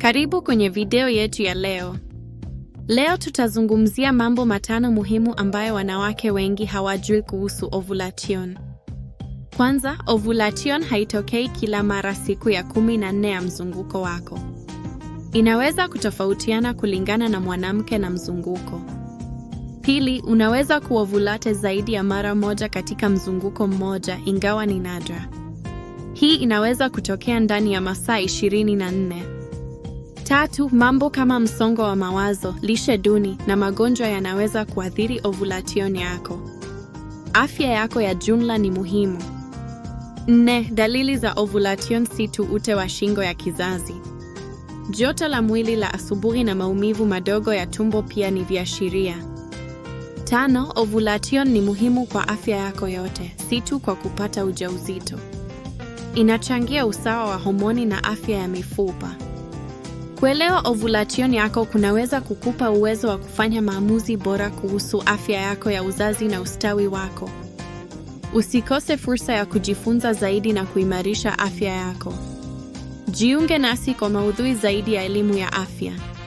Karibu kwenye video yetu ya leo. Leo tutazungumzia mambo matano muhimu ambayo wanawake wengi hawajui kuhusu ovulation. Kwanza, ovulation haitokei kila mara siku ya 14 ya mzunguko wako. Inaweza kutofautiana kulingana na mwanamke na mzunguko. Pili, unaweza kuovulate zaidi ya mara moja katika mzunguko mmoja, ingawa ni nadra. Hii inaweza kutokea ndani ya masaa 24. Tatu, mambo kama msongo wa mawazo, lishe duni na magonjwa yanaweza kuathiri ovulation yako. Afya yako ya jumla ni muhimu. Nne, dalili za ovulation si tu ute wa shingo ya kizazi. Joto la mwili la asubuhi na maumivu madogo ya tumbo pia ni viashiria. Tano, ovulation ni muhimu kwa afya yako yote, si tu kwa kupata ujauzito. Inachangia usawa wa homoni na afya ya mifupa. Kuelewa ovulation yako kunaweza kukupa uwezo wa kufanya maamuzi bora kuhusu afya yako ya uzazi na ustawi wako. Usikose fursa ya kujifunza zaidi na kuimarisha afya yako. Jiunge nasi kwa maudhui zaidi ya elimu ya afya.